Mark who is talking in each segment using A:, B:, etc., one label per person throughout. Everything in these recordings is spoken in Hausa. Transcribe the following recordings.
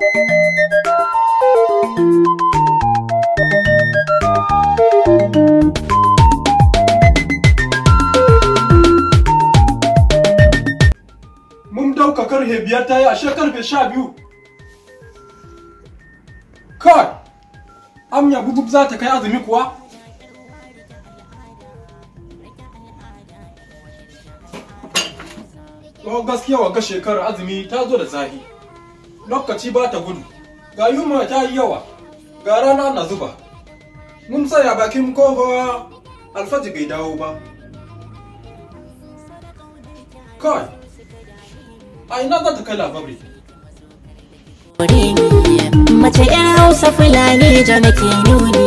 A: Mun ɗauka karfe biyar ta yi ashe karfe sha biyu. Kai, amya bubuk za ta kai azumi kuwa? Tsohon gaskiya wa ga shekarar azumi ta zo da zahi. lokaci ba ta gudu ga yuma ta yi yawa ga rana na zuba mun tsaya bakin kofa alfaji bai dawo ba kai a ina za ta kai labari mace yan hausa fulani da nake nuni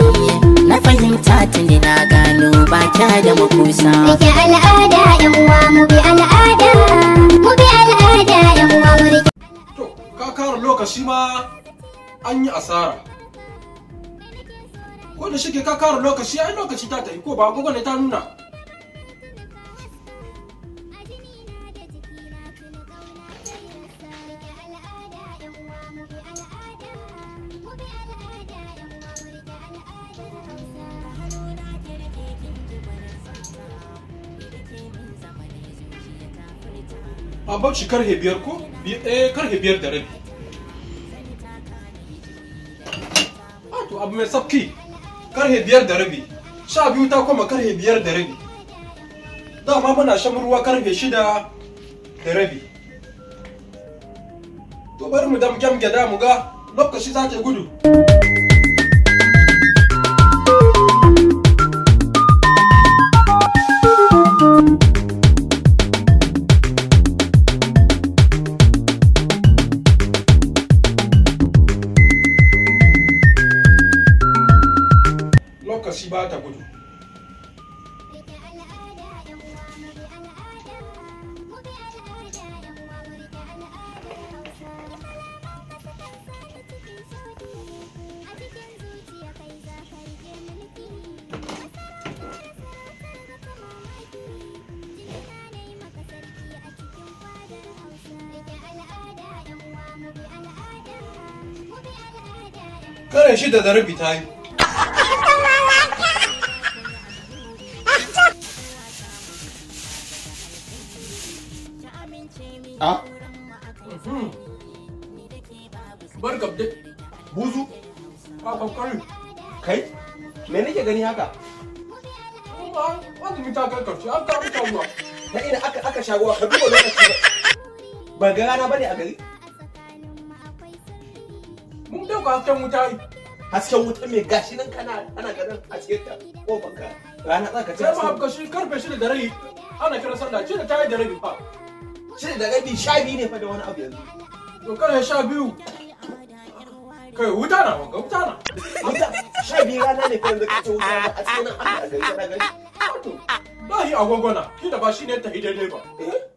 A: na fahimta tun na gano ba da makusa al'ada haka shi ma an yi asara ko da shike ka kara lokaci ai lokaci ta tafi ko ba agogo ne ta nuna Abba bauchi karhe biyar ko? eh karhe biyar da rabi to abu mai sabki karhe biyar da rabi sha biyu ta koma karhe biyar da rabi dama muna shan ruwa karfe shida da rabi to bari mu dam gyamgyada mu ga lokaci za ta gudu lokaci ba ta gudu karin shida da rabi ta yi a ah. mhm. barka da buzu ba kokari kai me nake gani haka azumi ta kai karshe an ta mutu ruwa ta ina aka aka shagowa ka duba lokaci ba ga rana bane a gari mun dauka hasken wuta yi hasken wuta mai gashi nan kana ana ganin haske ta ko banka rana tsaka ce sai ma haka shi karfe shi da rai ana kira sanda ce da ta yi da rabi fa Shirin da rabi sha biyu ne fa da wani abu yanzu. To kana sha biyu. Kai wuta na wanga wuta na. Wuta sha biyu rana ne fa yanzu kace wuta na a cikin an da gari kana gari. To, da yi agwagwana, shi da ba shi ne ta daidai ba. Eh?